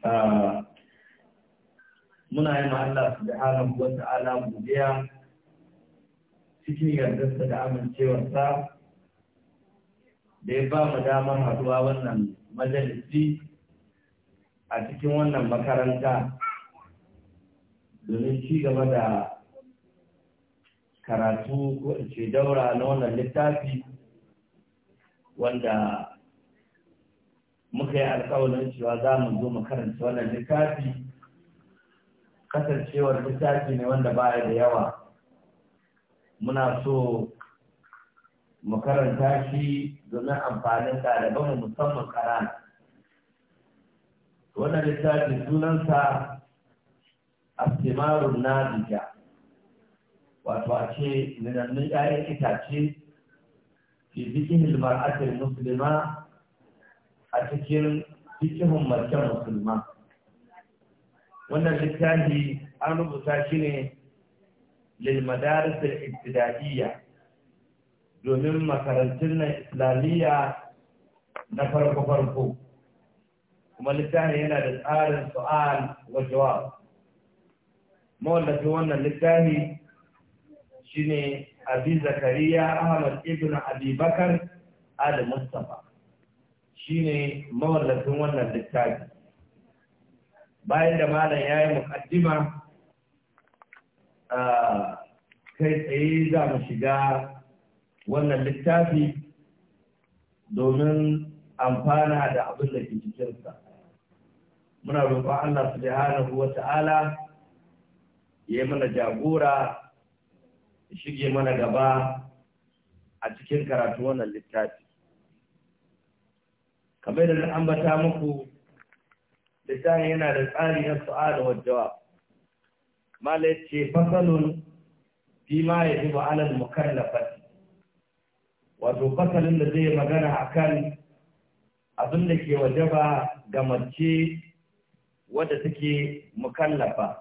Ah, muna yi Allah subhanahu wa ta'ala godiya cikin yardarsa da amincewarsa da ya ba mu damar haduwa wannan majalisi a cikin wannan makaranta domin ci gaba da karatu ko ce daura na wannan littafi wanda muka yi alƙawarin cewa za mu zo mu karanta wannan littafi kasancewar littafi ne wanda ba da yawa muna so mu karanta shi domin amfanin ɗaliban mu musamman karan wannan littafi sunansa na nadija wato a ce ninannun 'ya'yan itace fi ilmar asirin musulma a cikin cikin mace musulma wannan littafi an rubuta shi ne lilmadarisar ibtidaiya domin makarantun na islamiyya na farko-farko kuma littafi yana da tsarin su'al wa jawab mawallafin wannan littafi shi shine abi zakariya ahmad ibn abi bakar al mustafa shine mawallafin wannan littafi bayan da malam ya yi mukaddima ah, kai tsaye za mu shiga wannan littafi domin amfana da abin da ke cikinsa muna roƙon Allah hana ruwa ta'ala ya yi mana jagora shige mana gaba a cikin karatu wannan littafi kamar da na ambata muku littafin yana da tsari na su'ada wa jawab malai ce fasalun fi ma ya zuba alal mukallafati wato fasalin da zai magana akan abin da ke wajaba ga mace wadda take mukallafa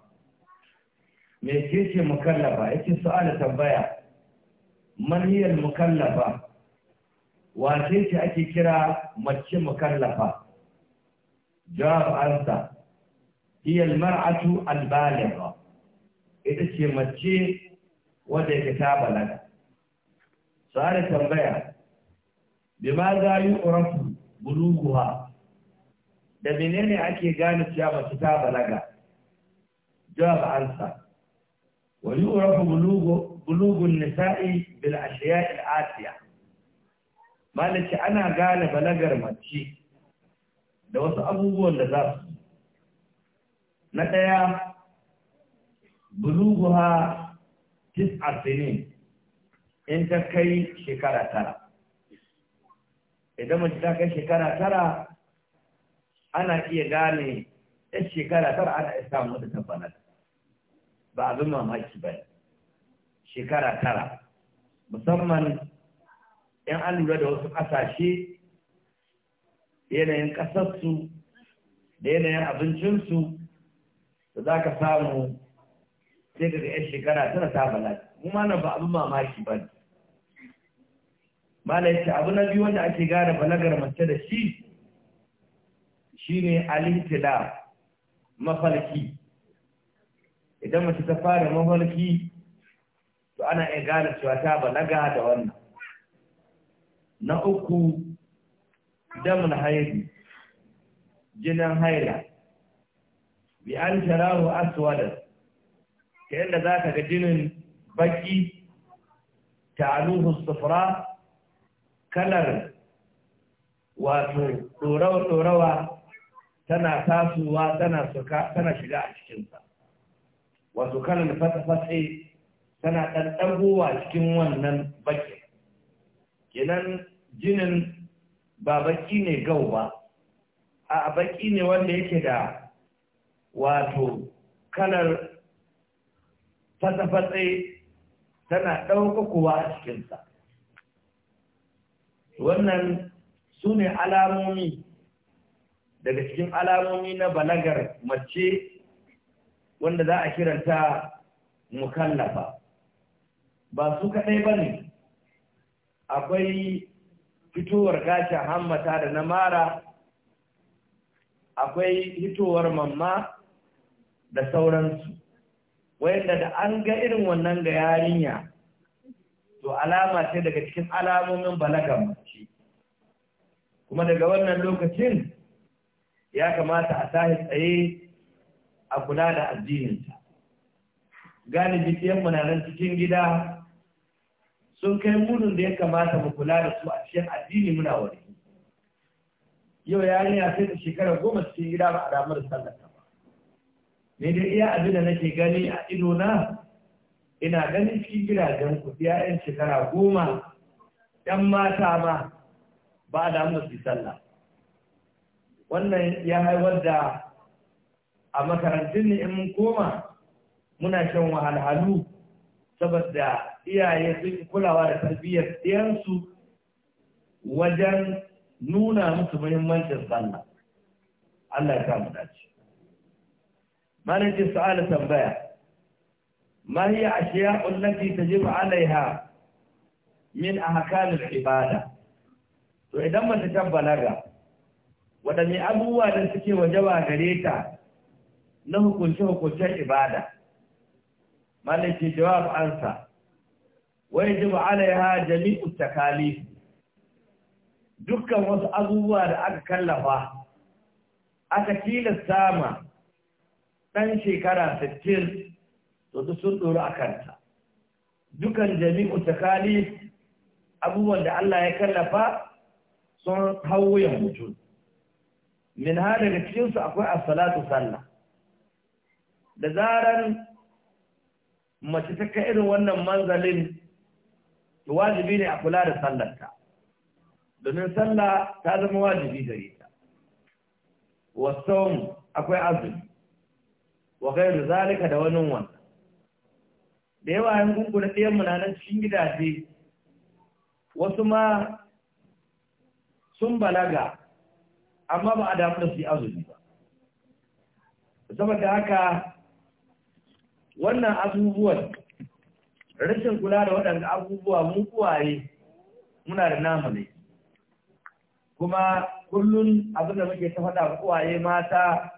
me ke ce mukallafa yake su'ala tambaya man mukallafa wace ce ake kira mace mukallafa jawab ansa hiya almar'atu albaligha ita ce mace wadda ke ta balaga sare tambaya ma za yi urafu buluguha da menene ake gane cewa mace ta balaga jawab ansa wa yi urafu bulugun nisa'i bil ashiya al atiya malaci ana gane balagar mace da wasu abubuwan da za su na ɗaya buluguha tis asinin in ta kai shekara tara idan mace ta kai shekara tara ana iya gane ya shekara tara ana isa mutu da tabbanar ba abin mamaki ba shekara tara musamman Yan an lura da wasu ƙasashe yanayin ƙasarsu da yanayin abincinsu da za ka samu sai ka ga 'yan shekara tana ta bala'i kuma na ba abin mamaki ba ne na ta abu na biyu wanda ake gane balagar mace da shi shine alintila mafarki. idan mace ta fara mafarki, to ana iya gane cewa ta balaga da wannan na uku damun haidi jinin haila bi an tarahu aswada ta yadda za ka ga jinin baki ta'aluhu sufra kalar wato ɗorawa-ɗorawa tana tasowa tana shiga a cikinsa wato kalar fata tana tana a cikin wannan bakin kenan jinin ba baki ne gau ba a baki ne wanda yake da wato kalar fatsa-fatsa tana ɗaukakowa a cikinsa wannan su ne alamomi daga cikin alamomi na balagar mace wanda za a kiranta mukallafa ba su kaɗai ba ne akwai fitowar gashin hammata da na mara akwai hitowar mamma da sauransu wayanda da an ga irin wannan ga yarinya to alama ce daga cikin alamomin balagan mace kuma daga wannan lokacin ya kamata a tashi tsaye a kula da addininta galibi mu na nan cikin gida sun kai mudun da ya kamata mu kula da su a cikin addini muna wani yau yarinya sai da shekara goma cikin gida ba a damar sallata ba ne dai iya abin da nake gani a ido na ina ganin cikin gidajen ku yan shekara goma yan mata ma ba a damar su sallah wannan ya haifar da a makarantun ne in mun koma muna shan wahalhalu saboda iyaye sun yi kulawa da tarbiyyar ɗiyansu wajen nuna musu muhimmancin sallah Allah ya samu dace malaji sa'ala tambaya ma hiya ta ta tajibu 'alayha min a ahkamil ibada to idan mace ta balaga waɗanne abubuwa da suke wajaba gare ta na hukunce hukuncen ibada malaji jawab ansa ويجب عليها Jamiu التكاليف dukkan wasu abubuwa da aka kallafa aka tilasta ma ɗan shekara 60 to sun ɗoru a kanta dukan jami'u takalif abubuwan da Allah ya kallafa sun hauyan mutum min ha daga cikinsu akwai asalatu sallah da zaran mace ta kai irin wannan manzalin to wajibi ne a kula da sallarta domin sallah ta zama wajibi gare ta wasawun akwai azumi wa da zalika da wani wannan da yawa yan gungun na ɗayan munanan cikin gidaje wasu ma sun balaga amma ba a damu da su yi azumi ba saboda haka wannan abubuwan rashin kula da waɗanda abubuwa mun kuwaye muna da namu ne kuma kullum abinda muke ta faɗa kuwaye mata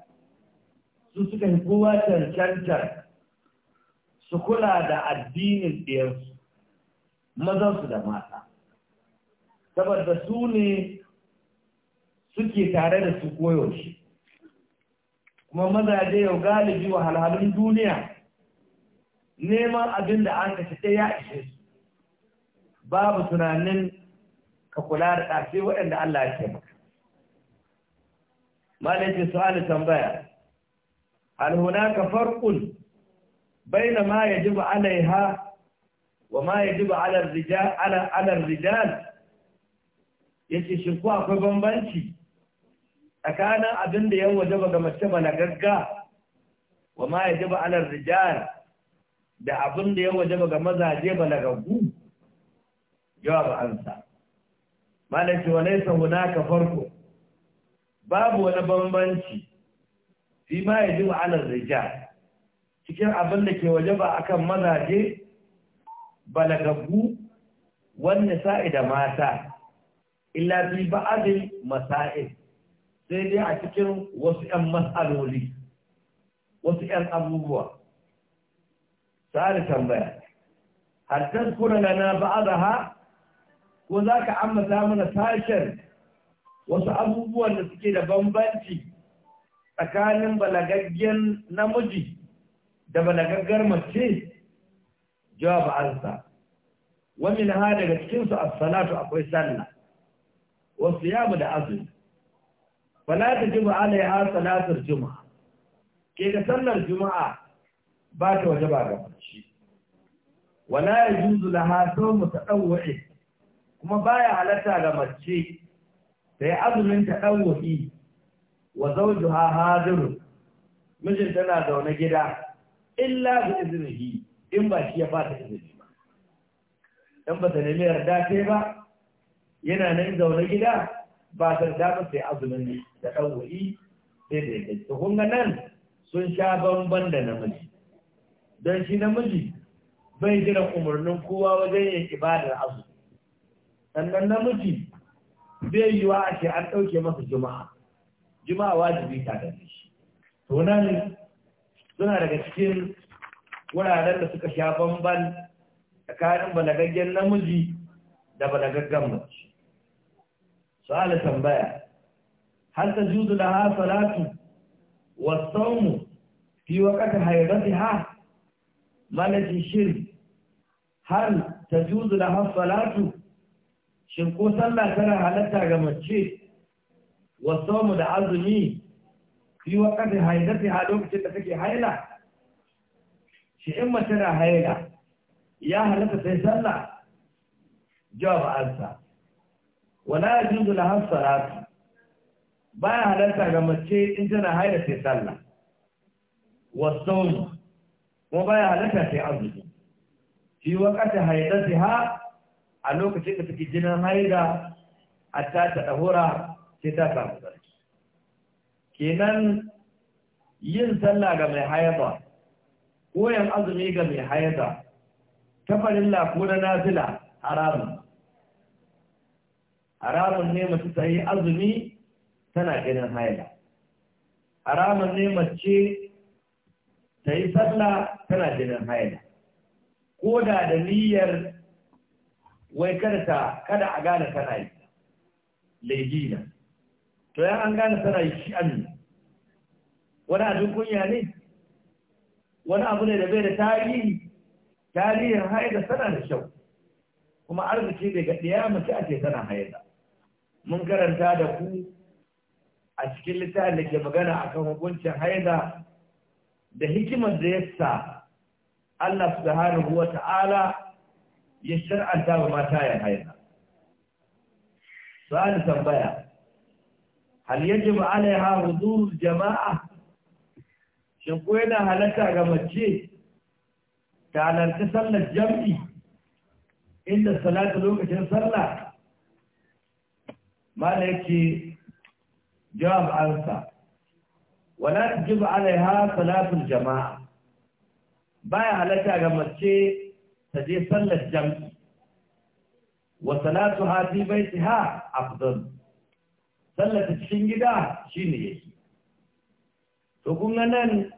su suka fi kowa cancantar su kula da addinin ɗiyarsu mazansu da mata saboda su ne suke tare da su koyaushe kuma maza mazaje yau galibi wa wahalhalun duniya neman abin da an ka ya ishe su babu tunanin ka kula da ɗafi waɗanda Allah ya taimaka. Malaiki su'ali tambaya, hal hunaka farqun baina ma yajibu alaiha wa ma yajibu ala rijal ala ala rijal yace ko akwai bambanci tsakanin abin da ya jaba ga mace balagagga wa ma yajibu ala rijal da abin da ya waje ga mazaje balagaggu jawab ansa malaki wa laysa hunaka farko babu wani bambanci fi ma yaji ala rijal cikin abin da ke waje ba akan mazaje balagaggu wanne sa'i da mata illa bi ba'dil masa'il sai dai a cikin wasu 'yan mas'aloli wasu 'yan abubuwa sa'ad tambaya har tazkura lana ba'daha ko zaka ammata mana sashen wasu abubuwan da suke da bambanci tsakanin balagaggen namiji da balagaggar mace jawab ansa wa min ha daga cikin su as-salatu akwai sallah wa siyamu da azumi fala tajibu alaiha salatul juma'a ke da sallar juma'a ba ta waje ba ga mace wala ya yajuzu laha ta tadawwu'i kuma baya halatta ga mace ta yi azumin tadawwu'i wa zawjuha haziru mijin tana zaune gida illa bi iznihi in ba shi ya fata izini ba dan ba ta nemi yarda ce ba yana nan zaune gida ba ta dama sai azumin da sai da yake to kun ga nan sun sha bamban da namiji don shi namiji bai jira umarnin kowa wajen yin ibadar azu sannan namiji zai yi wa ake an ɗauke masa juma'a juma'a wajibi ta da shi to nan suna daga cikin wuraren da suka sha bamban tsakanin balagaggen namiji da balagaggen mace su'ala tambaya hal juzu da salatu was-sawmu fi waqti malaji shir hal ta juzu da hafsalatu shin ko sallah tana halatta ga mace wa mu da azumi fi wakati haidati ha lokacin da take haila shi in mace na haila ya halatta sai sallah jawab ansa wala yajuzu laha salatu baya halatta ga mace in tana haila sai sallah Wa wasu kuma baya halatta sai azumi fi waqati ha a lokacin da take jinin haida a ta dahura sai ta samu sarki kenan yin sallah ga mai haida koyan azumi ga mai haida tafarin ko na zila haramun haramun ne mace ta yi azumi tana jinin haida haramun ne mace ta yi sallah tana jinin haida, ko da da niyyar wai ta kada a gane tana yi laifina to yan an gane tana yi shi annu wani abin kunya ne wani abu ne da bai da tarihi tarihin haida tana da kyau kuma arziki daga ɗaya mace ake tana haida mun karanta da ku a cikin littafin da ke magana akan hukuncin haida da hikimar da ya sa Allah subhanahu wa ta'ala ya shar'anta wa mata ya haila. Sa'ad tambaya, hal yaji ba ala ya jama'a, shin yana halatta ga mace ta halarci sallar jam'i inda salatu lokacin sallah? Mala yake jawab ansa. wala tujibu alaiha salatul jama'a baya halatta ga mace ta je sallar jam'i wa salatu ha fi ha afdal sallar ta cikin gida shine yake to kuma nan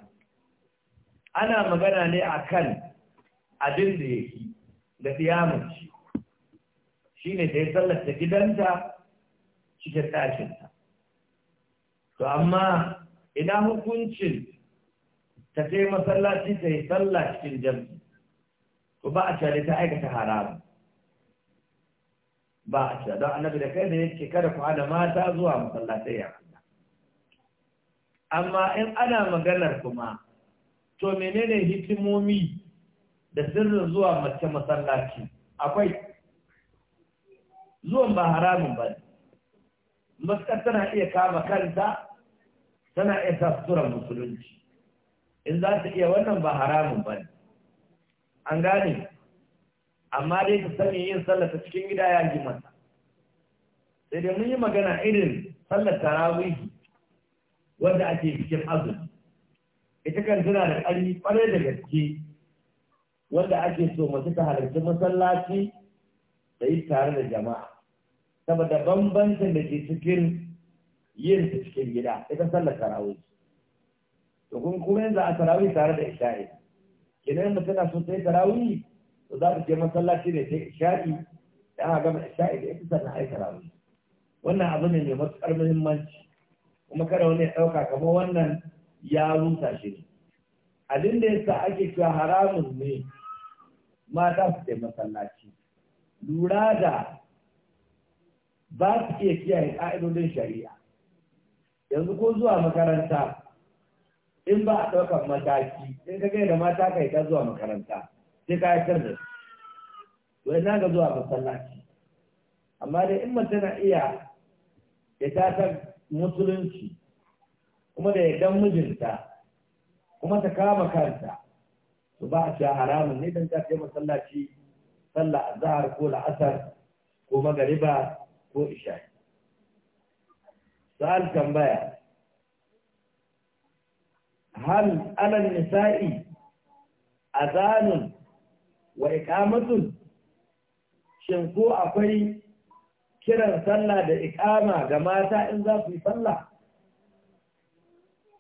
ana magana ne akan abin da yake da shi. shine da ya sallar ta gidanta cikin ɗakinta to amma ina hukuncin ta kai masallaci ta yi sallah cikin jam'i ko ba a cewa ta aikata haramu ba a cewa don annabi da kai da yake kada ku da mata zuwa masallatai ya amma in ana maganar kuma to menene hikimomi da sirrin zuwa mace masallaci akwai zuwan ba haramun ba masu tana iya kama kanta tana iya sa musulunci in za ta iya wannan ba haramun ba ne an gane amma dai ta sani yin sallata cikin gida ya ji mata sai dai mun yi magana irin sallar tarawihi wanda ake cikin azumi ita kan tana da ƙarni ƙwarai da gaske wanda ake so mace ta halarci masallaci da yi tare da jama'a saboda bambancin da ke cikin yin cikin gida ita sallar tarawih to kun kuma yanzu a tarawih tare da isha'i idan mutum na so sai tarawih to za ku je masallaci ne ta isha'i da aka gama isha'i da ita sannan ai tarawih wannan abu ne mai matuƙar muhimmanci kuma kada wani ya ɗauka kamar wannan ya rusa shi ne abin da yasa ake cewa haramun ne mata su je masallaci lura da ba su iya kiyaye ƙa'idodin shari'a yanzu ko zuwa makaranta in ba a ɗaukar mataki in ka gaida da mata kai ta zuwa makaranta sai ka yakar da su wai na ga zuwa masallaci amma dai in mace na iya ya tatar musulunci kuma da yardan mijinta kuma ta kama kanta to ba a sha haramun ne don ta kai masallaci sallah Zahar, ko la'asar ko magariba ko isha'i سؤال تنبيه هل على wa أذان shin ko akwai kiran sallah da ikama ga mata in za su yi sallah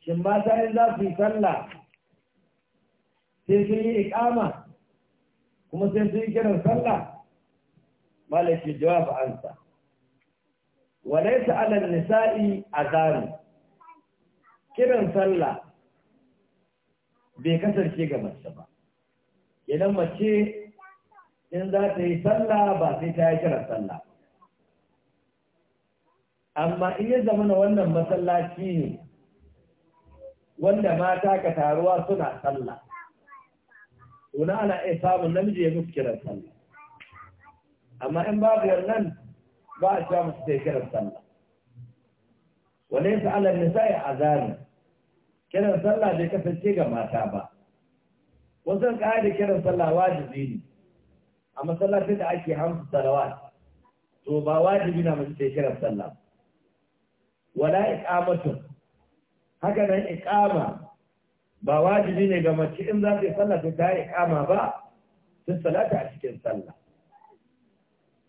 shin mata in za su yi sallah sai sun yi ikama kuma sai sun yi kiran sallah malaki jawab ansa وليس على a أذان kiran sallah bai kasance ga mace ba idan mace in za ta yi sallah ba sai ta yi kiran sallah amma in ya zama na wannan masallaci ne wanda mata ka taruwa suna sallah wani ana iya samun namiji ya musu kiran sallah amma in babu wannan ba a cewa musu ta yi kiran sallah Wani walaisa ala a azanu kiran sallah bai kasance ga mata ba wasu da kiran sallah wajibi ne a masallacin da ake hamsu salawat to ba wajibi na musu ta kiran sallah wala iqamatu haka nan iqama ba wajibi ne ga mace in za ta yi sallah ta yi iqama ba Sun salata a cikin sallah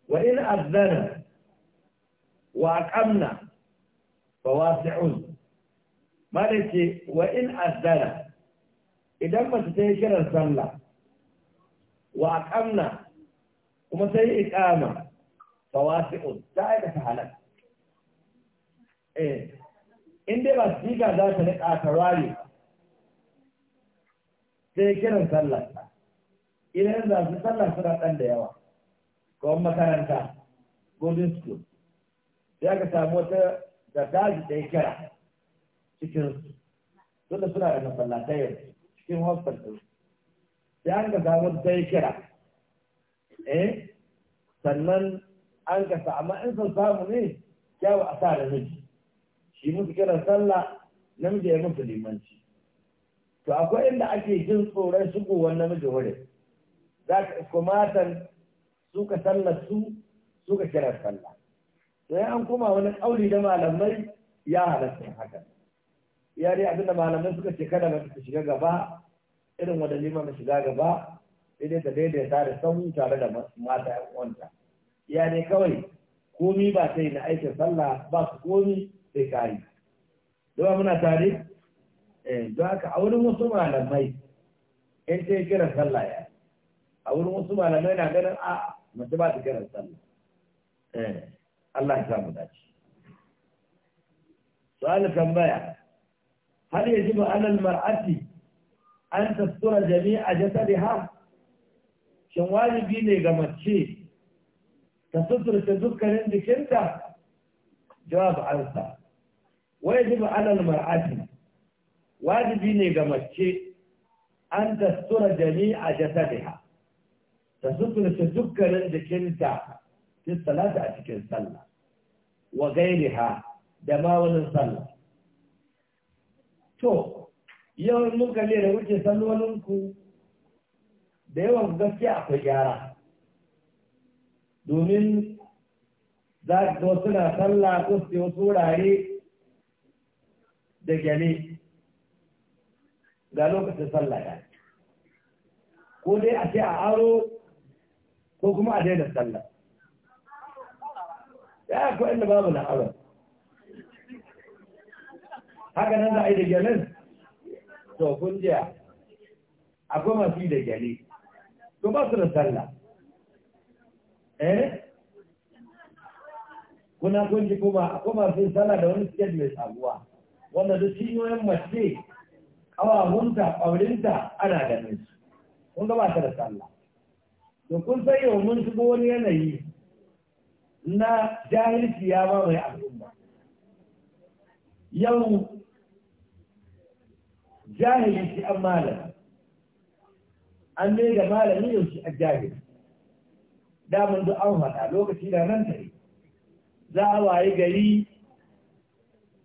wa in azzana wa kamna ما wasi'un وإن ce إذا in azzara idan وأقمنا وما ta yi kiran sallah wa kamna kuma sai ta eh in dai ba su za ta riƙa ta rari sai kiran sallah idan za su sallah suna ɗan da yawa makaranta golden school sai aka samu wata da daji da ya kira cikin da suna da masallatai yau cikin hospital sai an ka samu ta ya kira eh sannan an ka samu in sun samu ne kyawu a sa da miji shi musu kiran sallah namiji ya musu limanci to akwai inda ake jin tsoron shigowar namiji wuri za ka isko matan suka sallar su suka kiran sallah to an koma wani ƙauli da malamai ya halatta haka ya dai abinda malamai suka ce kada mace ta shiga gaba irin wanda nima mai shiga gaba idan ta daidaita da sauyi tare da mata ya kwanta ya dai kawai komi ba sai na aikin sallah ba su komi sai kayi don muna tare eh, don haka a wurin wasu malamai in ta kiran sallah ya a wurin wasu malamai na ganin a mace ba ta kiran sallah eh. Allah ya samu dace su'al tambaya hal yajibu 'ala al-mar'ati an tastura jami'a jasadiha shin wajibi ne ga mace ta suturta dukkanin jikinta jawab ansa wajibu 'ala al-mar'ati wajibi ne ga mace an tastura jami'a jasadiha ta suturta dukkanin jikinta fi salati a cikin sallah wa gairiha da ma wani sallah to yawan mun kalle da wuce sallolinku da yawan gaskiya akwai gyara domin za ka wasu suna sallah ko su wasu wurare da gyale ga lokacin sallah ya ko dai a ce a aro ko kuma a daina sallah ya akwai inda babu na haka nan za a yi da gyalin to kun jiya akwai masu yi da gyali to ba su da sallah eh kuna kun ji kuma akwai masu yin sallah da wani siket mai sabuwa wanda duk yoyin mace ƙawahunta ƙaurinta ana ganin su kun gaba ta da sallah to kun san yau mun shigo wani yanayi na jahilci ya ba mai al'umma yau jahilci an malam an ne da malami yau shi a jahilci Damar duk an faɗa lokaci da nan tare za a waye gari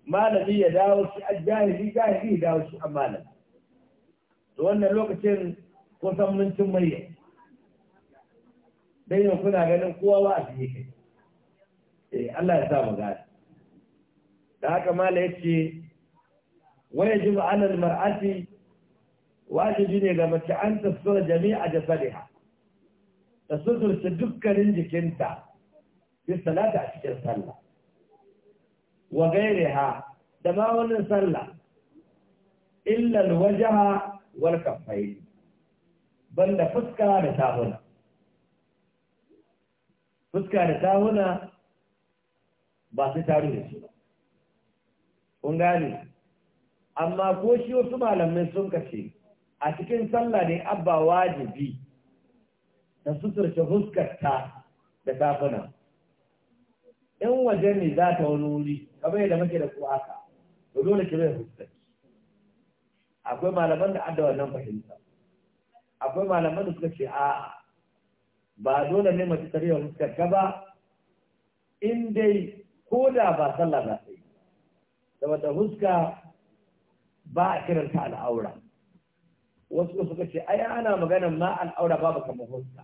malami ya dawo shi a jahilci jahilci ya dawo shi an malam to wannan lokacin kusan mun cin murya dai kuna ganin kowa wa a fiye kai eh Allah ya sa mu gane da haka mala yace waya jibu alal mar'ati wajibi ne ga mace an tasura jami'a jasadiha ta suturta dukkanin jikinta bi salata a cikin sallah wa ha da ma wannan sallah illa alwajha wal kaffayn banda fuska da tahuna fuska da tahuna ba su taru da shi ba kun gane amma ko shi wasu malamai sun kace a cikin sallah ne abba wajibi ta suturce huskarta da kafuna in waje ne za ta wani wuri kamar yadda muke da ku aka to dole ki bai huskarki akwai malaman da adda wannan fahimta akwai malaman da suka ce a ba dole ne mace ta riya huskarta ba in dai ko da ba sallah za ta yi da wata huska ba a kiranta al'aura wasu suka ce ai ana maganar ma al'aura babu kamar huska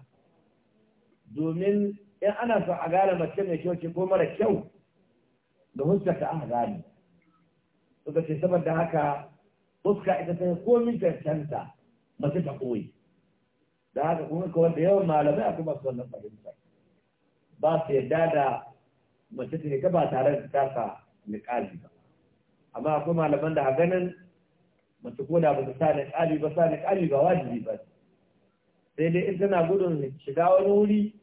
domin in ana so a gane mace mai kyau ce ko mara kyau da huska ta aka gane suka ce saboda haka huska ita ta komi cancanta mace ta koyi da haka kuma kawai da yawan malamai a kuma su wannan fahimta ba su yarda da mace ta ba tare da ta tasa niƙali ba amma akwai malaman da a ganin mace ko da ba ta sa niƙali ba sa niƙali ba wajibi ba sai dai in tana gudun shiga wani wuri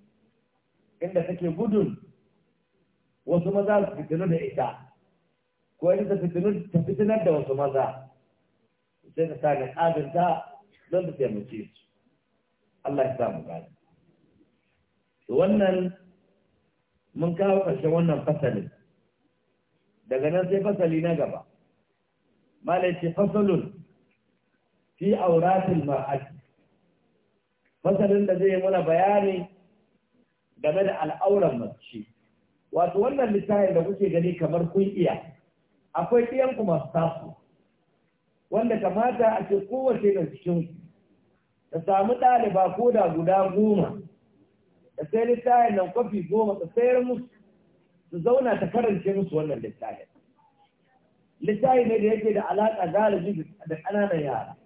inda take gudun wasu maza su fitinu da ita ko in ta fitinar da wasu maza sai ta sa niƙalin ta don ta taimake su Allah ya samu gani. Wannan mun kawo ƙarshen wannan fasalin daga nan sai fasali na gaba malai ce fasalun fi auratul mar'ati fasalin da zai mana bayani game da al'auran mace wato wannan littafin da kuke gani kamar kun iya akwai ɗiyanku masu tasu wanda kamata a ce kowace da cikin ta samu ɗaliba ko da guda goma da sai littafin nan kwafi goma ta sayar musu su zauna ta karance musu wannan littafin littafi ne da yake da alaƙa galibi da ƙananan yara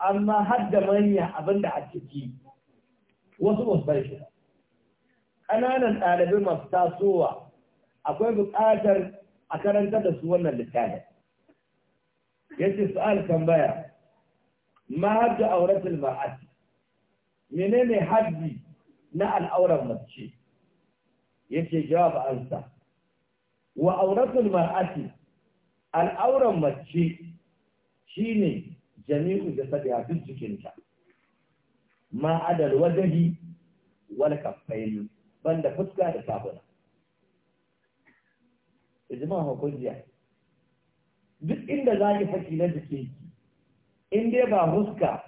amma har da manya abinda a ciki wasu ba su bar shi ƙananan ɗalibai masu tasowa akwai buƙatar a karanta da su wannan littafin yace su'al tambaya ma hadda auratul ma'at menene haddi na al'aurar mace yace jawab ansa wa auratul mar'ati al'auran mace shine jami'u da sabiya duk jikinta ma adal wajahi wal kaffaini banda fuska da sabuna ijma hukunjiya duk inda za ki saki na jiki in dai ba fuska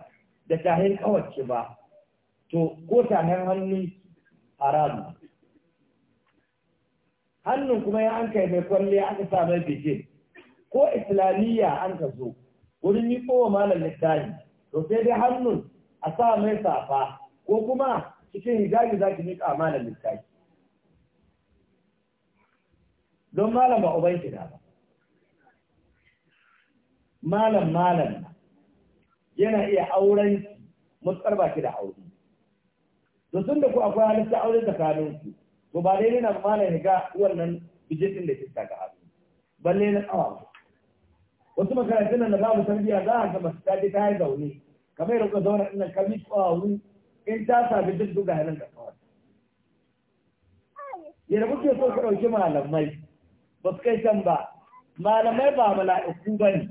da tahin kawace ba to ko nan hannu haram hannun kuma ya anka mai kwalle aka sa mai bijin ko islamiyya an ka zo wurin yi kowa malam littafi to sai dai hannun a sa mai safa ko kuma cikin hijabi za ki miƙa malam littafi don malam ba uban ki ba malam malam yana iya auren mutsar ba ki da aure to tun da ku akwai halitta aure tsakanin ku to ba daidai na mana ya ga wannan bijitin da kika ga hannu balle na tsawa wasu makarantun nan da babu tarbiyya za a ga masu tafi ta yi zaune kamar yadda kuka zauna ina kami tsawawu in ta sami duk duka hannun da kawai yadda kuke so ku ɗauki malamai ba su kai can ba malamai ba mala'iku ba ne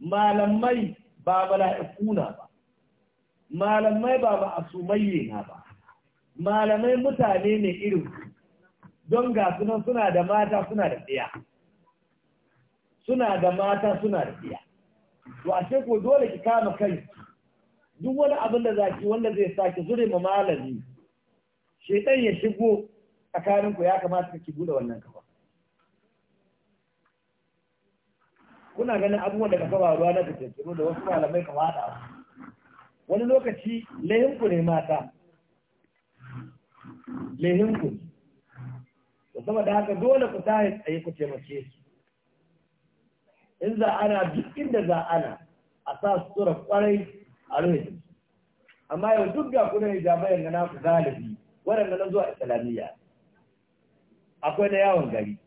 malamai ba mala'iku na ba malamai ba ba a sumayye na ba malamai mutane ne irin don ga sunan suna da mata suna da tsaya suna da mata suna da tsaya to ashe ko dole ki kama kai duk wani abin da zaki wanda zai saki zure ma malami shedan ya shigo tsakanin ku ya kamata ki bude wannan kafa kuna ganin abubuwan da ka ruwa na fitattunu da wasu malamai ka wada wani lokaci lahinku ne mata lahinku da sama da haka dole ku tahi tsaye ku taimake su in za ana duk inda za ana a sa sutura kwarai a rufe amma yau duk ga kuna hijabai ga naku galibi waɗanda na zuwa islamiyya akwai na yawon gari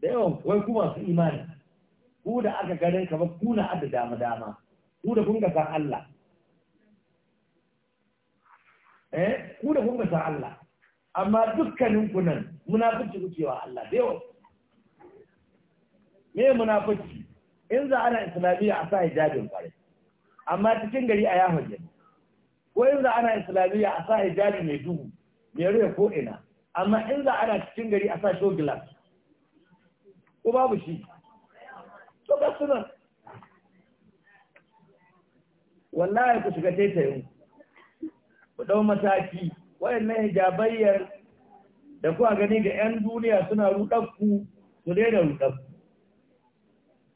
da yawan kuma su imani ku da aka ganin kamar kuna adda dama dama ku da kun Allah eh ku da kun Allah amma dukkanin ku nan munafici kucewa Allah da yawa me munafici in za ana islamiyya a sa hijabin fare amma cikin gari a yahon jami ko in za ana islamiyya a sa hijabi mai duhu mai rufe ko ina amma in za ana cikin gari a sa shogilas ko babu shi to ga sunan wallahi ku shiga taitayin ku dau mataki wayannan hijabayyar da kuwa gani ga 'yan duniya suna rudakku su daina rudakku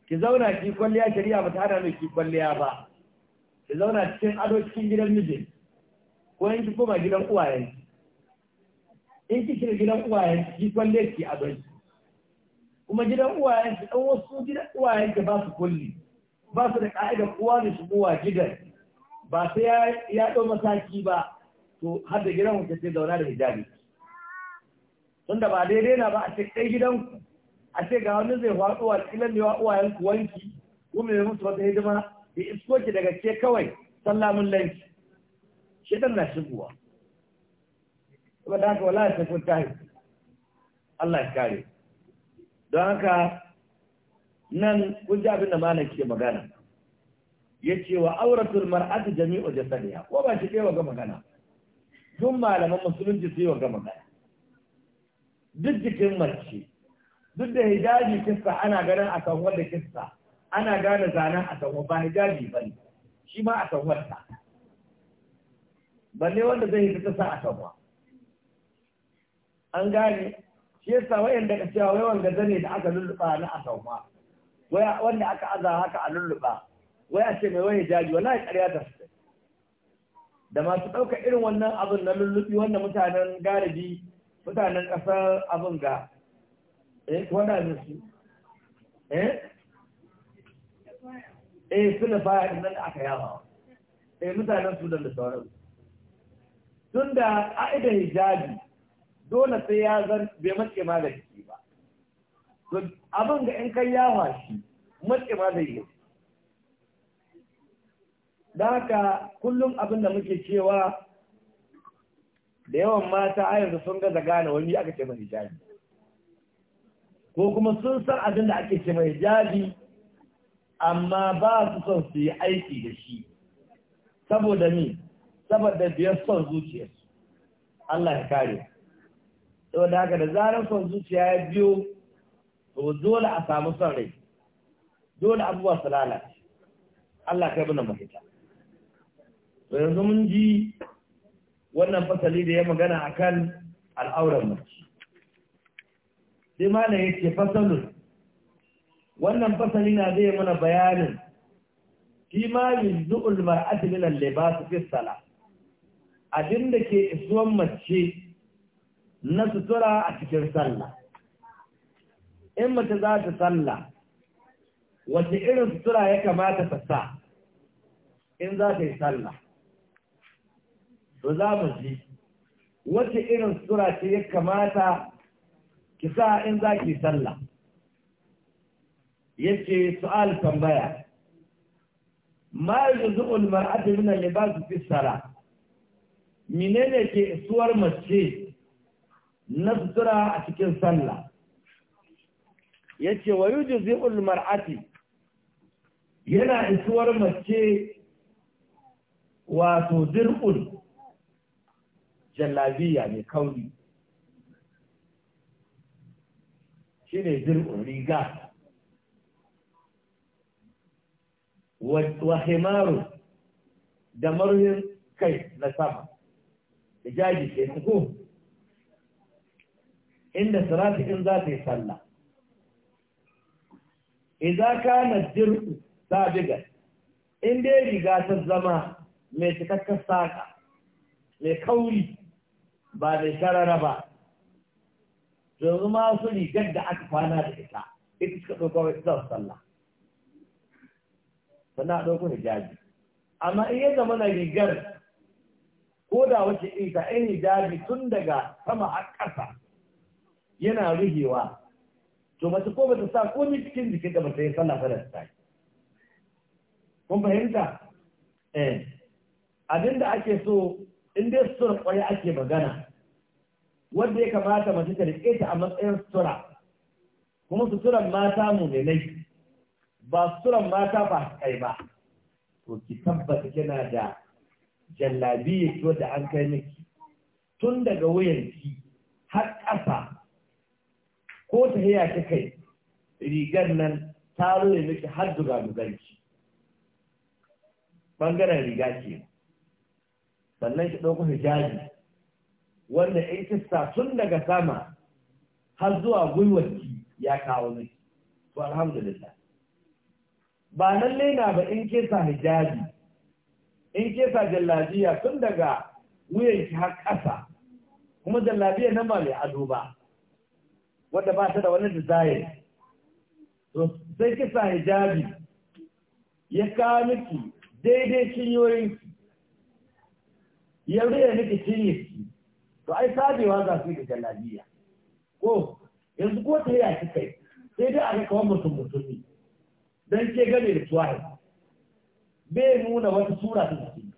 ki zauna ki kwalliya shari'a ba ta hana ki kwalliya ba ki zauna cikin ado cikin gidan mijin ko in ki koma gidan uwayen in ki shiga gidan uwayen ki kwalliya ki ado kuma gidan uwayen ki dan wasu gidan uwayen ki ba su kulli ba su da ka'idar uwa ne su uwa gidan ba sai ya ɗau mataki ba to har da gidan wuce sai zauna da hijabi tunda ba daidai na ba a ce kai gidanku a ce ga wani zai faɗo a cikin ne wa uwayenku wanki ko mai musu wata hidima da isko ki daga ce kawai sallamun lanki shedan na shigowa kuma da haka wala ta kun Allah ya kare don haka nan kun ji abin da malam ke magana yace wa auratul mar'atu jami'u jasadiha ko ba shi kai wa ga magana duk malaman musulunci sai wa ga magana duk jikin mace duk da hijabi kissa ana ganin a kan wanda kissa ana gane zanen a kan ba hijabi ba ne shi ma a kan wanda balle wanda zai yi ta a kan an gane shi yasa wayan da cewa wai wanga zane da aka lulluɓa na a kan wa wanda aka aza haka a lulluɓa wai a ce mai wani jaji wani ya ƙarya ta su da masu ɗauka irin wannan abin na lullubi wanda mutanen galibi mutanen ƙasar abin ga eh wanda ne su eh eh suna baya din nan aka yawa eh mutanen Sudan da sauran tun da ƙa'idar hijabi dole sai ya zan bai matse ma da jiki ba abin ga in kai yawa shi matse ma da yi. da haka kullum abin da muke cewa da yawan mata a yanzu sun gaza gane wani aka ce mai jabi ko kuma sun san abin da ake ce mai jabi amma ba su son su yi aiki da shi saboda ni saboda biyar son zuciyarsu Allah ya kare saboda haka da zarar son zuciya ya biyo to dole a samu son rai dole abubuwa su lalace Allah kai bana mafita yanzu mun ji wannan fasali da ya magana akan al'auran mace sai mana yake fasalin wannan fasali na zai mana bayanin fi ma yuzu'ul mar'ati min al-libas fi abin da ke isuwan mace na sutura a cikin sallah in mace za ta sallah wace irin sutura ya kamata ta sa in za ta yi sallah to za mu ji wace irin sura ce ya kamata ki sa in za ki sallah yace su'al tambaya ma yuzu'ul mar'atu min al-libas fi salah menene ke isuwar mace na sutura a cikin sallah ya ce wa yi juzi'ul mar'ati yana isuwar mace wato dir'ul Jalabiya mai kauri shi ne zir'un riga wa himaru da marhin kai na sama da jaji ke nuku inda sarati in za ta yi sallah idza kana dirku sabiga in dai riga ta zama mai cikakken saka mai kauri ba da sharara ba To ma su rigar da aka kwana da ita ita suka tsokar wai ita sallah sannan a ɗauko hijabi amma in ya zama na rigar ko da wace ita in hijabi tun daga sama a ƙasa yana ruhewa to mace ko bata sa komai cikin jikin da mace yi sallah sallah ta yi kun fahimta eh abinda ake so in dai sutura kwarai ake magana wanda ya kamata mace ta rike ta a matsayin sutura kuma suturan mata mu ne nai ba suturan mata ba kai ba to ki tabbata kina da jallabi to da an kai miki tun daga wuyanki har ƙasa ko ta haya ta kai rigar nan ta rure miki har duga duganki bangaren riga ce sannan shi ɗauko hijabi wanda in kista tun daga sama har zuwa gwiwarki ya kawo miki to alhamdulillah ba lalle na ba in kesa hijabi in kesa jallabiya tun daga wuyanki har ƙasa kuma jallabiya na ba mai ado ba wadda ba ta da wani design to sai kisa hijabi ya kawo miki daidai cinyoyin yaudai da nake cinye shi to ai sabewa za su yi da jallabiya ko yanzu ko ta yi a cikai, sai dai a ga kawai mutum mutumi don ke game da tuwaye bai nuna wata sura ta jiki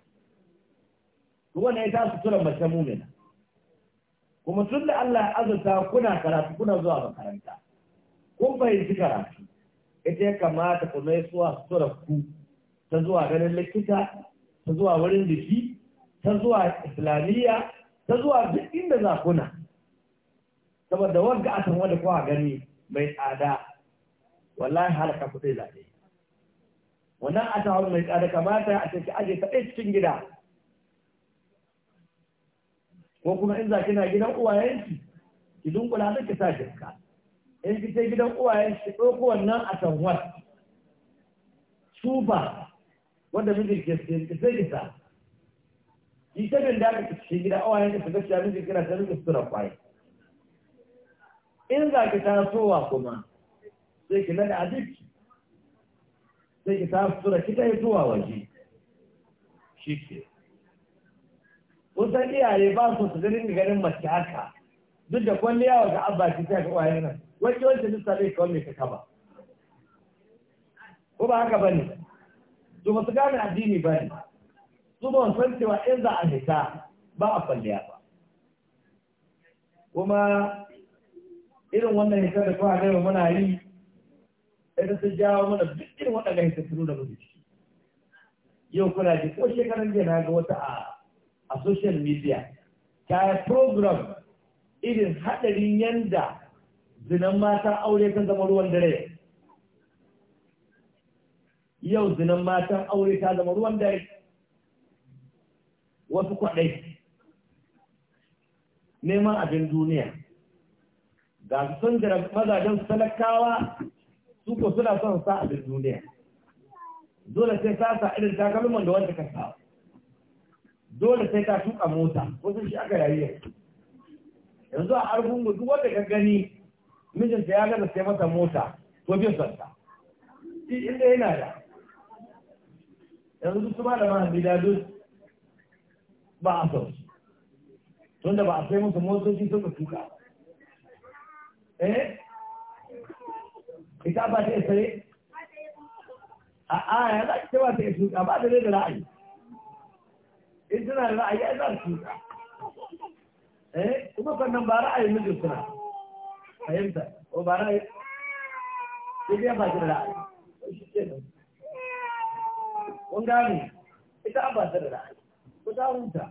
wani ya ta sutura mace mumina kuma tun da Allah ya azurta kuna karatu kuna zuwa makaranta kun fahimci karatu ita ya kamata ku mai suwa sutura ku ta zuwa ganin likita ta zuwa wurin jiki ta zuwa islamiyya ta zuwa duk inda za kuna saboda wanda a san wanda kowa gani mai tsada wallahi halaka kuɗi zaɓe wannan a asan mai tsada kamata a cikin aje ta ɗaya cikin gida ko kuma in za kina gidan uwayenki ki dunkula da ki sa jinka in ki sai gidan uwayenki ɗauko wannan san wasu. sufa wanda mijin ke sai ki sa shi ta ganda ka cikin gida awa yanka shiga shi abin kira ta rika sura kwaye in za ki tasowa kuma sai ki nada abinci sai ki tasowa ki ta yi zuwa waje shi ke kusan iyaye ba su su zirin ganin mace haka duk da kwalliya wa ga abba ki ta ga kwaye nan wajen wancan nisa zai kawo mai ta kaba ko ba haka ba ne to ba su gane addini ba ne su ba san cewa in za a fita ba a kwalliya ba kuma irin wannan hita da kuma gaiwa muna yi idan sun jawo mana duk irin waɗanda hita sunu da mutu ciki yau kuna ji ko shekaran jiya na ga wata a social media ta yi program irin haɗarin yanda zinan mata aure kan zama ruwan dare yau zinan matan aure ta zama ruwan dare wasu kwaɗai neman abin duniya ga su sun jira mazajen talakawa su ko suna son sa abin duniya dole sai ta sa irin takalman da wanda ka sa dole sai ta tuka mota wasu shi aka yayi yanzu a argungu duk wanda ka gani mijinta ya gaza sai masa mota ko bin santa shi inda yana da yanzu su ba da mahammi da duk ba a sau tunda ba a sai musu motoci suka tuka eh ita ba ta sai a a ya za ki ba ta tuka ba da da ra'ayi in tana da ra'ayi ya za ta tuka eh kuma sannan ba ra'ayi mijin suna fahimta ko ba ra'ayi sai ya ba ta da ra'ayi kun ne ita ba ta da ra'ayi ku ta huta?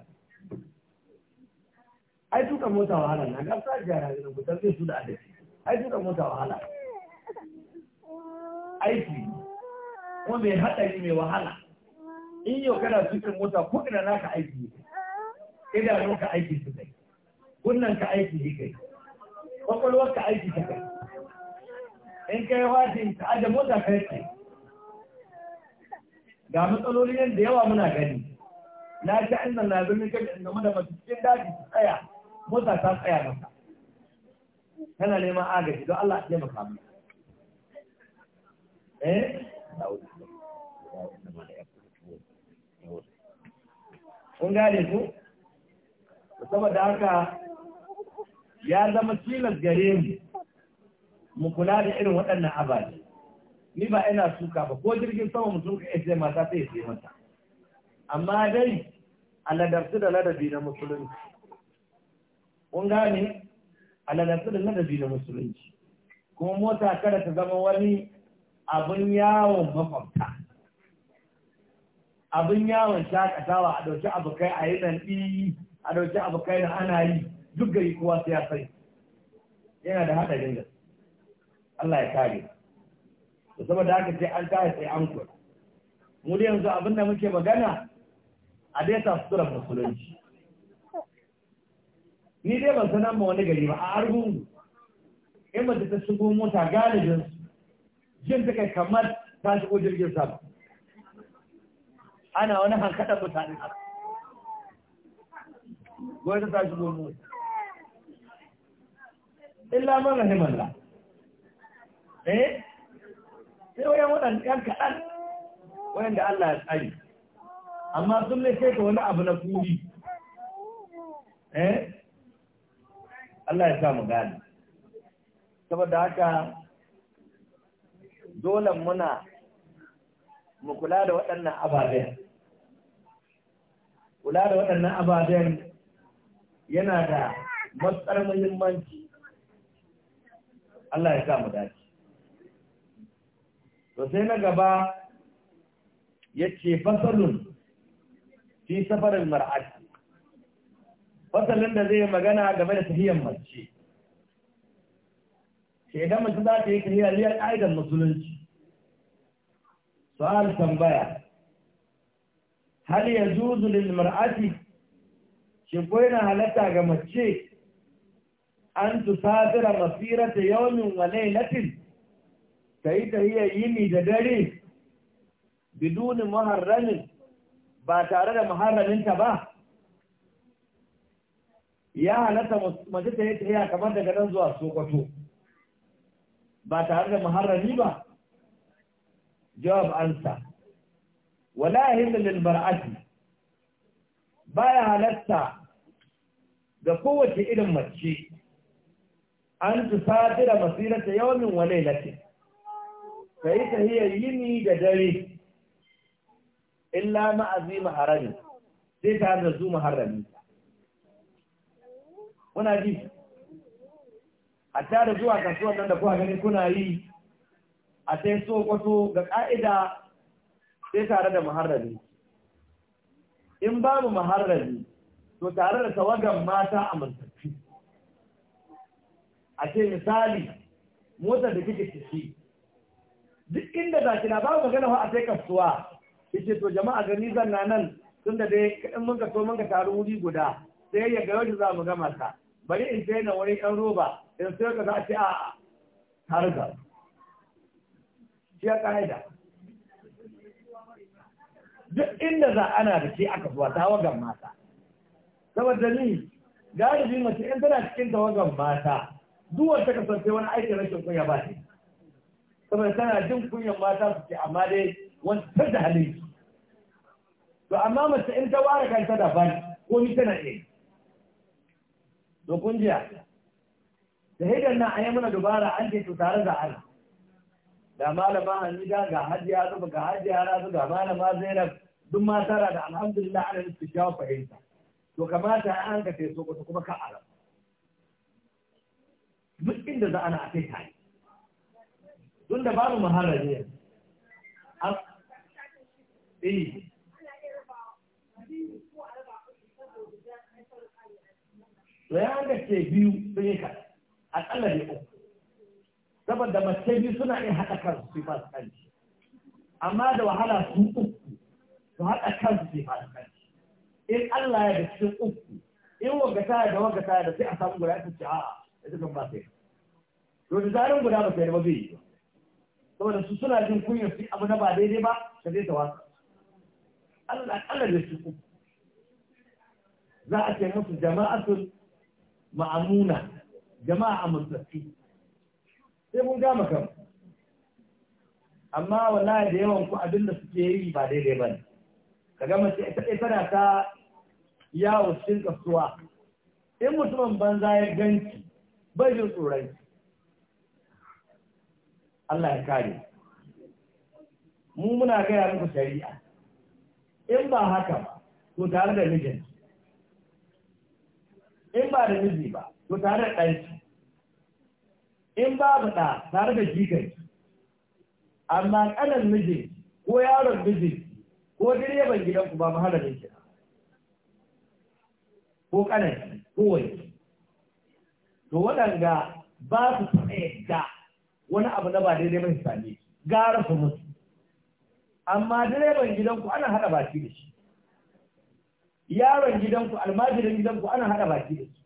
ai tuka mota wahala na ga sa gyara da ku tarbe su da adadi ai tuka mota wahala aiki ko mai hadari mai wahala in yau kana tuka mota ko ina naka aiki idanun ka aiki su kai kunnan ka aiki ne kai kwakwalwar ka aiki ta kai in kai wajen ta aje mota kai ce ga matsaloli da yawa muna gani na ta inda na zama kai game da masu cikin daji su tsaya mota ta tsaya maka kana neman agaji don Allah ya maka mu eh kun gane ku saboda haka ya zama tilas gare mu mu kula da irin waɗannan ababe ni ba ina suka ba ko jirgin sama mutum ka ce mata sai ya ce mata amma dai a ladarsu da ladabi na musulunci kun gane a da ladabi da musulunci kuma mota kada ta zama wani abin yawon mafamta abin yawon shakatawa a ɗauki abokai a yi nan ɗi a ɗauki abokai da ana yi duk gari kowa sai ya sai yana da haɗa gaske Allah ya kare da saboda haka sai an kare sai an kula mu da yanzu abin da muke magana a dai musulunci ni dai ban sanar ma wani gari ba a argungu in mace ta shigo mota galibin jin ta kai kamar ta shigo jirgin sama ana wani hankaɗar mutane a gwai ta shigo mota illa man la eh sai wayan waɗanda ɗan kaɗan wayan da Allah ya tsari amma sun ne sai ka wani abu na kuri eh Allah ya sa mu gane saboda haka dole muna mu kula da waɗannan ababen kula da waɗannan ababen yana da matsar muhimmanci Allah ya sa mu dace to sai na gaba ya ce fasalun fi safarin mar'ati fasalin da zai magana game da tahiyyar mace idan mace za ta yi tahiyya liyar aidan musulunci su'al tambaya hal zuzu lil mar'ati shi ko na halatta ga mace an masira ta yawmin wa laylatin ta yi tahiyyar yini da dare bidunin muharramin ba tare da muharraminta ba ya halatta mace ta yi tafiya kamar daga nan zuwa sokoto ba tare da muharrami ba jawab ansa wala hinda lil Ba ya halatta Da kowace irin mace an sati da masirata yawamin wa lailatin Ka yi tahiyar yini da dare illa ma'azi maharami sai tare da su ta kuna ji a da zuwa kasuwar nan da kuwa gani kuna yi a sai so kwato ga ƙa'ida sai tare da muharrami in babu muharrami to tare da tawagan mata a mantafi a ce misali motar da kike ciki duk inda za na babu magana a sai kasuwa yace to jama'a gani zanna nan tun da dai in mun ka so mun ka taru wuri guda sai ya ga wajen za mu gama sa bari in sai na wani ɗan roba in sai ka za ce a harga shi ya ƙa'ida duk inda za ana da shi aka zuwa wagan mata saboda ni galibi mace in tana cikin tawagan mata duwar ta kasance wani aikin rashin kunya ba ne saboda tana jin kunyan mata su ce amma dai wani ta da halin to amma mace in ta ware kanta daban ko ni tana iya Dokun kungiya da hidan nan an yi mana dubara an ce to tare da an da malama hamida ga hajiya zuba ga hajiya razu ga malama zainab duk ma tara da alhamdulillah ana nufin shawo fahimta to kamata an ka ce so kuma ka arab duk inda za ana a kai tare tun da babu maharar ne to ya ce biyu sun yi kaɗan aƙalla ne uku saboda mace biyu suna iya haɗa kansu su yi fasikanci amma da wahala su uku su haɗa kansu su yi fasikanci in Allah ya da cikin uku in wanga ta da wanga ta da sai a samu guda ta ce a'a ita kan ba sai to da zarin guda ba sai da ba zai yi ba saboda su suna jin kunya su abu na ba daidai ba ta zai ta wasa Allah aƙalla da cikin uku za a ce musu jama'atul ma'amuna jama'a amintatti sai mun gama kan amma wallahi da yawan ku abin da suke yi ba daidai ba ne ka gama ce ita ɗaya tana ta yawo cikin kasuwa in mutumin banza ya ganci bai jin tsoron Allah ya kare mu muna gaya muku shari'a in ba haka ba ko tare da mijinta in ba da miji ba to tare da ɗanki in ba babu ɗa tare da jikanki amma ƙanan miji ko yaron miji ko direban gidanku ba mahalarin ki ko ƙanan ko wani to waɗanda ba su taɓa yadda wani abu na ba daidai mai same gara su mutu amma direban gidanku ana haɗa baki da shi yaron gidanku almajirin gidanku ana haɗa baki da su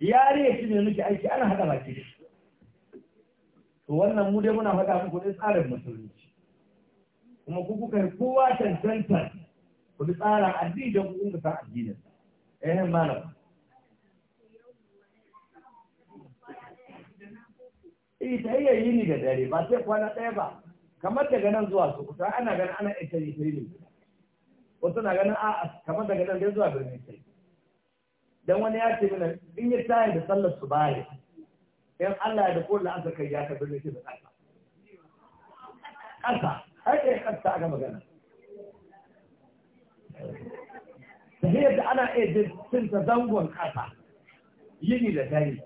yare shi ne muke aiki ana haɗa baki da su to wannan mu dai muna faɗa muku dai tsarin musulunci kuma ku kuka yi kowa cancanta ku bi tsarin addini don ku kunga san addinin eh malam eh ta yayi yi ni da dare ba sai kwana ɗaya ba kamar daga nan zuwa su kusa ana gani ana ita yi ta yi wasu na ganin a kamar daga nan dai zuwa birnin sai dan wani ya ce mana in ya tayi da sallar su baya in Allah da kullu an kai ya ka birnin sai da ƙasa ƙasa har kai ƙasa aka magana ta yadda ana iya jin ta zangon ƙasa yini da dare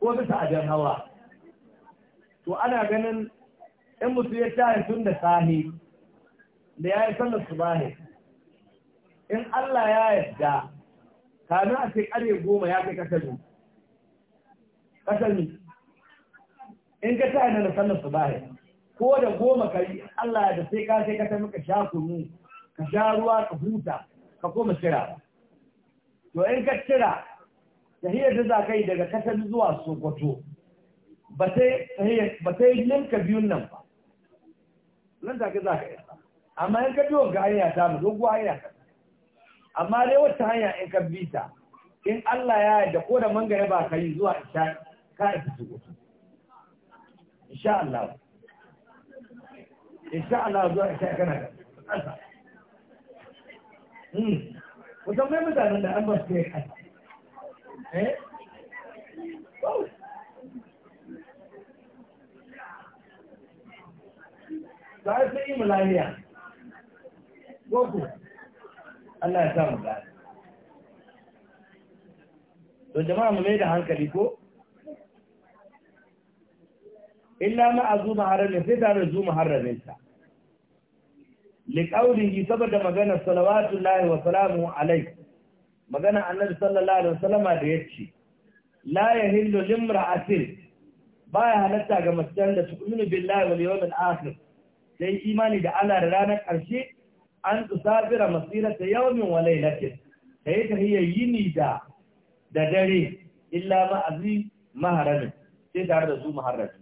ko bisa jan hawa to ana ganin in mutum ya tashi tun da sahi da ya yi sallar su baya. in Allah ya yarda kanu a ce ƙarfe goma ya kai kasar kasar mu. in ka ta yana da sallar su baya ko da goma ka yi Allah da sai ka sai ka ta maka sha kunu ka sha ruwa ka huta ka koma cira to in ka cira tahiyar da za ka yi daga kasar zuwa sokoto ba sai linka biyun nan ba nan take za ka yi amma in ka biyo ga hanya ta mu doguwa hanya ta amma dai wata hanya in ka bi ta in Allah ya yarda ko da mangare ba ka yi zuwa isha ka isa su gudu insha Allah insha Allah zuwa isha kana da hmm. kusan mai mutanen da an ba su kai eh ba su yi mulaniya Goku. Allah ya sa mu gane to jama'a mu mai da hankali ko illa ma a azu muharramin sai tare zu muharramin sa yi saboda magana lahi wa salamu alai, magana annabi sallallahu alaihi wasallam da ya ce, la yahillu ba baya halatta ga macen da tu'minu billahi wa liyomin asir, sai imani da Allah da ranar ƙarshe. an tusafira masirata yawmin wa lailatin kai ta hiya yini da da dare illa ma'azi maharamin sai tare da su maharami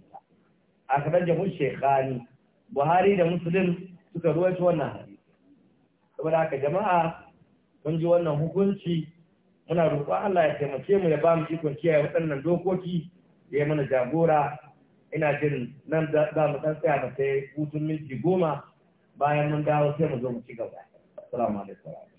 a kadan jamus shekhani buhari da muslim suka ruwaci wannan hadisi saboda haka jama'a mun ji wannan hukunci muna roƙon Allah ya taimake mu ya ba mu ikon kiyaye waɗannan dokoki da ya mana jagora ina jin nan za mu ɗan tsaya da sai hutun minti goma bayan mun dawo sai mu zo mu ci gaba assalamu alaikum